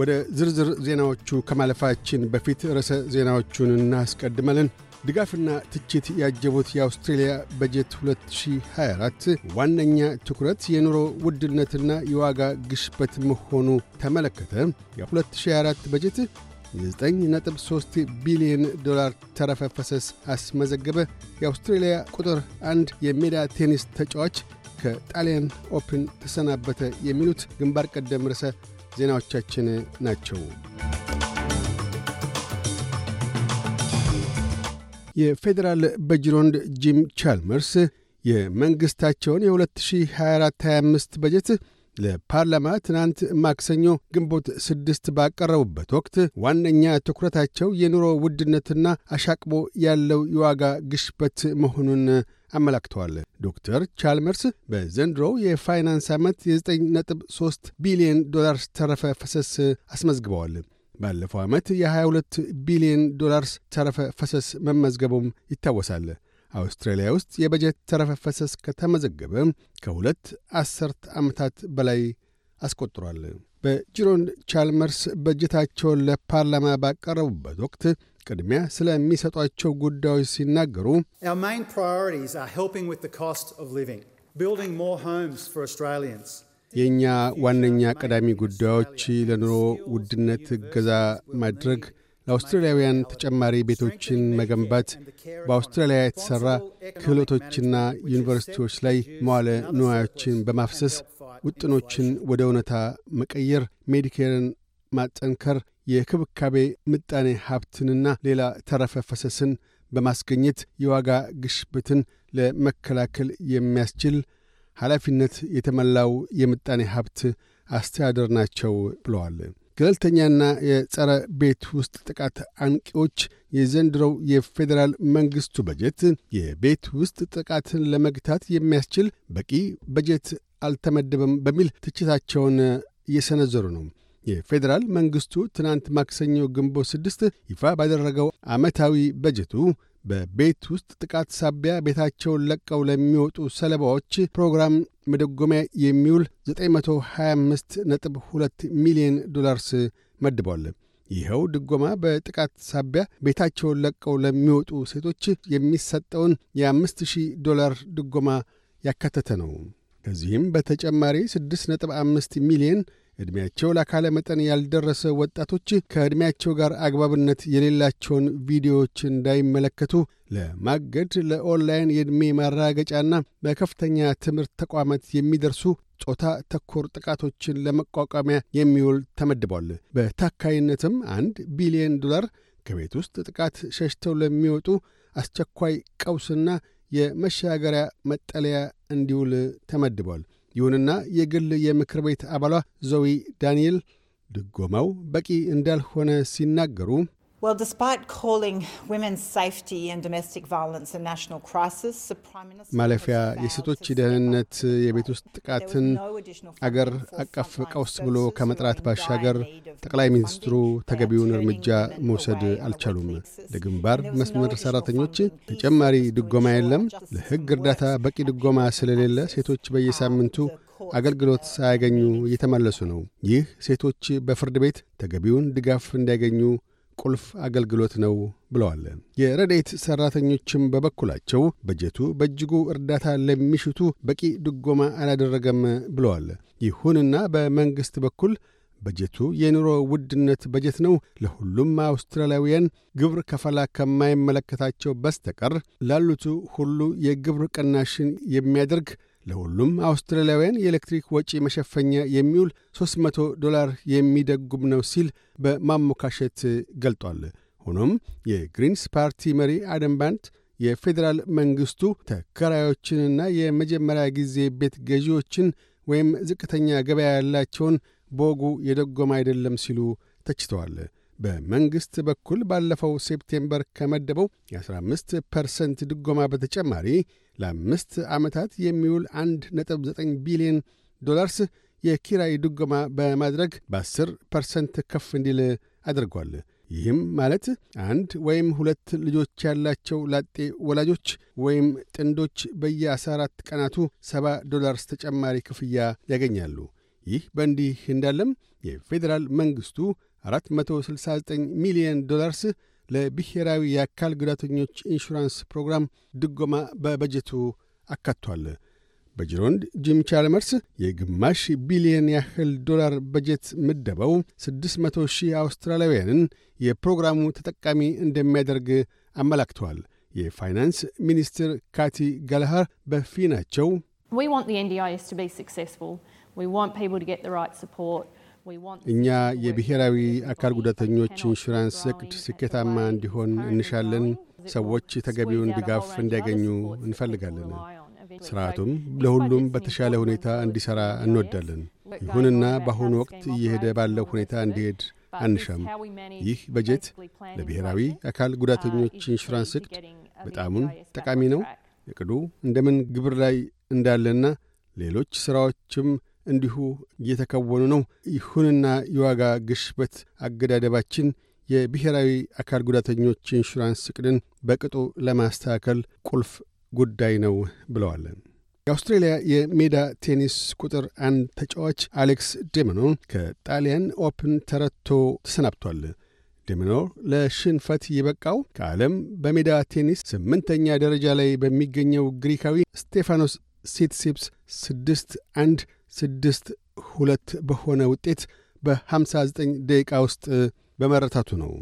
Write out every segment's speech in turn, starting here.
ወደ ዝርዝር ዜናዎቹ ከማለፋችን በፊት ርዕሰ ዜናዎቹን እናስቀድመልን። ድጋፍና ትችት ያጀቡት የአውስትሬልያ በጀት 2024 ዋነኛ ትኩረት የኑሮ ውድነትና የዋጋ ግሽበት መሆኑ ተመለከተ። የ2024 በጀት የ9.3 ቢሊዮን ዶላር ተረፈ ፈሰስ አስመዘገበ። የአውስትሬልያ ቁጥር አንድ የሜዳ ቴኒስ ተጫዋች ከጣሊያን ኦፕን ተሰናበተ። የሚሉት ግንባር ቀደም ርዕሰ ዜናዎቻችን ናቸው። የፌዴራል በጅሮንድ ጂም ቻልመርስ የመንግሥታቸውን የ2024-25 በጀት ለፓርላማ ትናንት ማክሰኞ ግንቦት ስድስት ባቀረቡበት ወቅት ዋነኛ ትኩረታቸው የኑሮ ውድነትና አሻቅቦ ያለው የዋጋ ግሽበት መሆኑን አመላክተዋል። ዶክተር ቻልመርስ በዘንድሮው የፋይናንስ ዓመት የ9.3 ቢሊዮን ዶላርስ ተረፈ ፈሰስ አስመዝግበዋል። ባለፈው ዓመት የ22 ቢሊዮን ዶላርስ ተረፈ ፈሰስ መመዝገቡም ይታወሳል። አውስትራሊያ ውስጥ የበጀት ተረፈ ፈሰስ ከተመዘገበ ከሁለት አስርት ዓመታት በላይ አስቆጥሯል። በጅሮን ቻልመርስ በጀታቸውን ለፓርላማ ባቀረቡበት ወቅት ቅድሚያ ስለሚሰጧቸው ጉዳዮች ሲናገሩ የእኛ ዋነኛ ቀዳሚ ጉዳዮች ለኑሮ ውድነት እገዛ ማድረግ፣ ለአውስትራሊያውያን ተጨማሪ ቤቶችን መገንባት፣ በአውስትራሊያ የተሠራ ክህሎቶችና ዩኒቨርስቲዎች ላይ መዋለ ንዋዮችን በማፍሰስ ውጥኖችን ወደ እውነታ መቀየር፣ ሜዲኬርን ማጠንከር የክብካቤ ምጣኔ ሀብትንና ሌላ ተረፈ ፈሰስን በማስገኘት የዋጋ ግሽበትን ለመከላከል የሚያስችል ኃላፊነት የተሞላው የምጣኔ ሀብት አስተዳደር ናቸው ብለዋል። ገለልተኛና የጸረ ቤት ውስጥ ጥቃት አንቂዎች የዘንድሮው የፌዴራል መንግሥቱ በጀት የቤት ውስጥ ጥቃትን ለመግታት የሚያስችል በቂ በጀት አልተመደበም በሚል ትችታቸውን እየሰነዘሩ ነው። የፌዴራል መንግሥቱ ትናንት ማክሰኞ ግንቦት ስድስት ይፋ ባደረገው ዓመታዊ በጀቱ በቤት ውስጥ ጥቃት ሳቢያ ቤታቸውን ለቀው ለሚወጡ ሰለባዎች ፕሮግራም መደጎሚያ የሚውል 925.2 ሚሊዮን ዶላርስ መድቧል። ይኸው ድጎማ በጥቃት ሳቢያ ቤታቸውን ለቀው ለሚወጡ ሴቶች የሚሰጠውን የ ሺህ ዶላር ድጎማ ያካተተ ነው። ከዚህም በተጨማሪ 6.5 ሚሊዮን ዕድሜያቸው ለአካለ መጠን ያልደረሰ ወጣቶች ከዕድሜያቸው ጋር አግባብነት የሌላቸውን ቪዲዮዎች እንዳይመለከቱ ለማገድ ለኦንላይን የዕድሜ ማራገጫና በከፍተኛ ትምህርት ተቋማት የሚደርሱ ጾታ ተኮር ጥቃቶችን ለመቋቋሚያ የሚውል ተመድቧል። በታካይነትም አንድ ቢሊዮን ዶላር ከቤት ውስጥ ጥቃት ሸሽተው ለሚወጡ አስቸኳይ ቀውስና የመሻገሪያ መጠለያ እንዲውል ተመድቧል። ይሁንና የግል የምክር ቤት አባሏ ዞዊ ዳንኤል ድጎማው በቂ እንዳልሆነ ሲናገሩ Well, despite calling women's safety and domestic violence a national crisis, the Prime Minister ማለፊያ የሴቶች ደህንነት የቤት ውስጥ ጥቃትን አገር አቀፍ ቀውስ ብሎ ከመጥራት ባሻገር ጠቅላይ ሚኒስትሩ ተገቢውን እርምጃ መውሰድ አልቻሉም። ለግንባር መስመር ሰራተኞች ተጨማሪ ድጎማ የለም። ለሕግ እርዳታ በቂ ድጎማ ስለሌለ ሴቶች በየሳምንቱ አገልግሎት ሳያገኙ እየተመለሱ ነው። ይህ ሴቶች በፍርድ ቤት ተገቢውን ድጋፍ እንዲያገኙ ቁልፍ አገልግሎት ነው ብለዋል። የረዴት ሠራተኞችም በበኩላቸው በጀቱ በእጅጉ እርዳታ ለሚሽቱ በቂ ድጎማ አላደረገም ብለዋል። ይሁንና በመንግሥት በኩል በጀቱ የኑሮ ውድነት በጀት ነው፣ ለሁሉም አውስትራሊያውያን ግብር ከፈላ ከማይመለከታቸው በስተቀር ላሉቱ ሁሉ የግብር ቅናሽን የሚያደርግ ለሁሉም አውስትራሊያውያን የኤሌክትሪክ ወጪ መሸፈኛ የሚውል 300 ዶላር የሚደጉም ነው ሲል በማሞካሸት ገልጧል። ሆኖም የግሪንስ ፓርቲ መሪ አደም ባንት የፌዴራል መንግሥቱ ተከራዮችንና የመጀመሪያ ጊዜ ቤት ገዢዎችን ወይም ዝቅተኛ ገበያ ያላቸውን በወጉ የደጎመ አይደለም ሲሉ ተችተዋል። በመንግሥት በኩል ባለፈው ሴፕቴምበር ከመደበው የ15 ፐርሰንት ድጎማ በተጨማሪ ለአምስት ዓመታት የሚውል 1.9 ቢሊዮን ዶላርስ የኪራይ ድጎማ በማድረግ በ10 ፐርሰንት ከፍ እንዲል አድርጓል። ይህም ማለት አንድ ወይም ሁለት ልጆች ያላቸው ላጤ ወላጆች ወይም ጥንዶች በየ14 ቀናቱ 70 ዶላርስ ተጨማሪ ክፍያ ያገኛሉ። ይህ በእንዲህ እንዳለም የፌዴራል መንግሥቱ 469 ሚሊዮን ዶላርስ ለብሔራዊ የአካል ጉዳተኞች ኢንሹራንስ ፕሮግራም ድጎማ በበጀቱ አካቷል። በጅሮንድ ጂም ቻልመርስ የግማሽ ቢሊየን ያህል ዶላር በጀት ምደበው 600 ሺህ አውስትራላውያንን የፕሮግራሙ ተጠቃሚ እንደሚያደርግ አመላክተዋል። የፋይናንስ ሚኒስትር ካቲ ጋልሃር በፊናቸው We want the NDIS to be successful. We want people to get the right support. እኛ የብሔራዊ አካል ጉዳተኞች ኢንሹራንስ እቅድ ስኬታማ እንዲሆን እንሻለን። ሰዎች ተገቢውን ድጋፍ እንዲያገኙ እንፈልጋለን። ስርዓቱም ለሁሉም በተሻለ ሁኔታ እንዲሠራ እንወዳለን። ይሁንና በአሁኑ ወቅት እየሄደ ባለው ሁኔታ እንዲሄድ አንሻም። ይህ በጀት ለብሔራዊ አካል ጉዳተኞች ኢንሹራንስ እቅድ በጣሙን ጠቃሚ ነው። እቅዱ እንደምን ግብር ላይ እንዳለና ሌሎች ሥራዎችም እንዲሁ እየተከወኑ ነው። ይሁንና የዋጋ ግሽበት አገዳደባችን የብሔራዊ አካል ጉዳተኞች ኢንሹራንስ እቅድን በቅጡ ለማስተካከል ቁልፍ ጉዳይ ነው ብለዋል። የአውስትሬልያ የሜዳ ቴኒስ ቁጥር አንድ ተጫዋች አሌክስ ዴመኖ ከጣሊያን ኦፕን ተረቶ ተሰናብቷል። ዴመኖ ለሽንፈት የበቃው ከዓለም በሜዳ ቴኒስ ስምንተኛ ደረጃ ላይ በሚገኘው ግሪካዊ ስቴፋኖስ ሲትሲፕስ ስድስት አንድ ስድስት ሁለት በሆነ ውጤት በ59 ደቂቃ ውስጥ በመረታቱ ነው።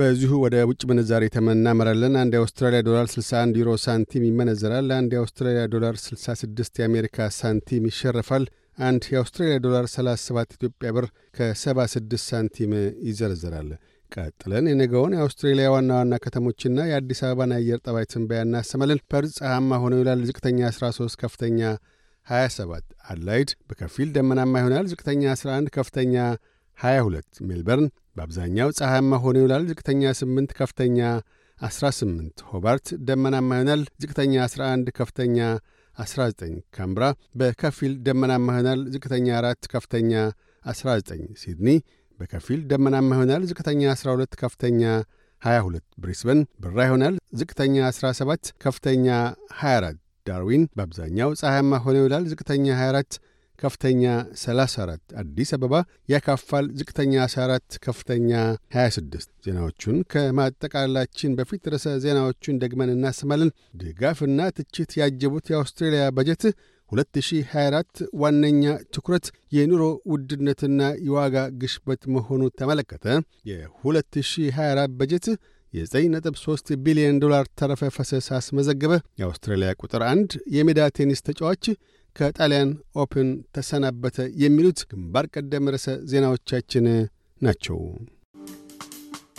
በዚሁ ወደ ውጭ ምንዛሪ ተመናመራለን። አንድ የአውስትራሊያ ዶላር 61 ዩሮ ሳንቲም ይመነዘራል። አንድ የአውስትራሊያ ዶላር 66 የአሜሪካ ሳንቲም ይሸረፋል። አንድ የአውስትራሊያ ዶላር 37 ኢትዮጵያ ብር ከ76 ሳንቲም ይዘረዘራል። ቀጥለን የነገውን የአውስትሬሊያ ዋና ዋና ከተሞችና የአዲስ አበባን አየር ጠባይ ትንበያ እናሰማለን። ፐርዝ ፀሐያማ ሆኖ ይውላል። ዝቅተኛ 13፣ ከፍተኛ 27። አድላይድ በከፊል ደመናማ ይሆናል። ዝቅተኛ 11፣ ከፍተኛ 22። ሜልበርን በአብዛኛው ፀሐያማ ሆኖ ይውላል። ዝቅተኛ 8፣ ከፍተኛ 18። ሆባርት ደመናማ ይሆናል። ዝቅተኛ 11፣ ከፍተኛ 19። ካምብራ በከፊል ደመናማ ይሆናል። ዝቅተኛ 4፣ ከፍተኛ 19። ሲድኒ በከፊል ደመናማ ይሆናል። ዝቅተኛ 12፣ ከፍተኛ 22። ብሪስበን ብራ ይሆናል። ዝቅተኛ 17፣ ከፍተኛ 24። ዳርዊን በአብዛኛው ፀሐያማ ሆኖ ይውላል። ዝቅተኛ 24 ከፍተኛ 34። አዲስ አበባ ያካፋል። ዝቅተኛ 14 ከፍተኛ 26። ዜናዎቹን ከማጠቃላላችን በፊት ርዕሰ ዜናዎቹን ደግመን እናሰማለን። ድጋፍና ትችት ያጀቡት የአውስትሬልያ በጀት 2024 ዋነኛ ትኩረት የኑሮ ውድነትና የዋጋ ግሽበት መሆኑ ተመለከተ። የ2024 በጀት የ9.3 ቢሊዮን ዶላር ተረፈ ፈሰስ አስመዘገበ። የአውስትራሊያ ቁጥር አንድ የሜዳ ቴኒስ ተጫዋች ከጣሊያን ኦፕን ተሰናበተ። የሚሉት ግንባር ቀደም ርዕሰ ዜናዎቻችን ናቸው።